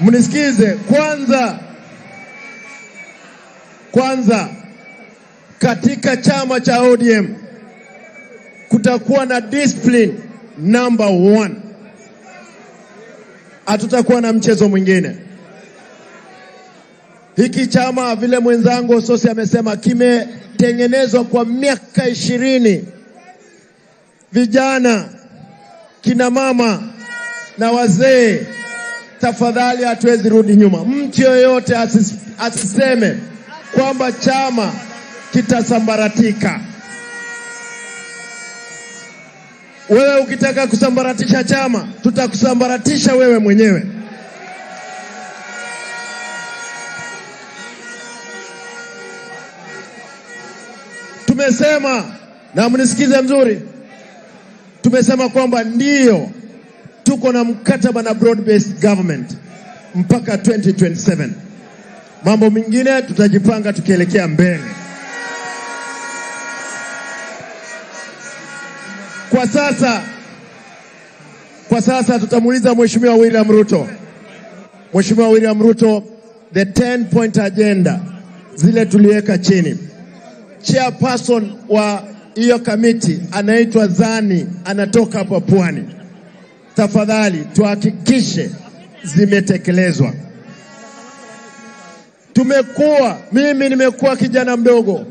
Mnisikize kwanza, kwanza katika chama cha ODM kutakuwa na discipline number one. Hatutakuwa na mchezo mwingine. Hiki chama vile mwenzangu Sosi amesema kimetengenezwa kwa miaka ishirini, vijana, kina mama na wazee tafadhali, hatuwezi rudi nyuma. Mtu yoyote asis, asiseme kwamba chama kitasambaratika. Wewe ukitaka kusambaratisha chama, tutakusambaratisha wewe mwenyewe. Tumesema na mnisikize mzuri, tumesema kwamba ndiyo tuko na mkataba na broad based government mpaka 2027. Mambo mengine tutajipanga tukielekea mbele. Kwa sasa, kwa sasa tutamuuliza Mheshimiwa William Ruto, Mheshimiwa William Ruto, the 10 point agenda zile tuliweka chini. Chairperson wa hiyo kamiti anaitwa Zani, anatoka hapa Pwani tafadhali tuhakikishe zimetekelezwa. Tumekuwa, mimi nimekuwa kijana mdogo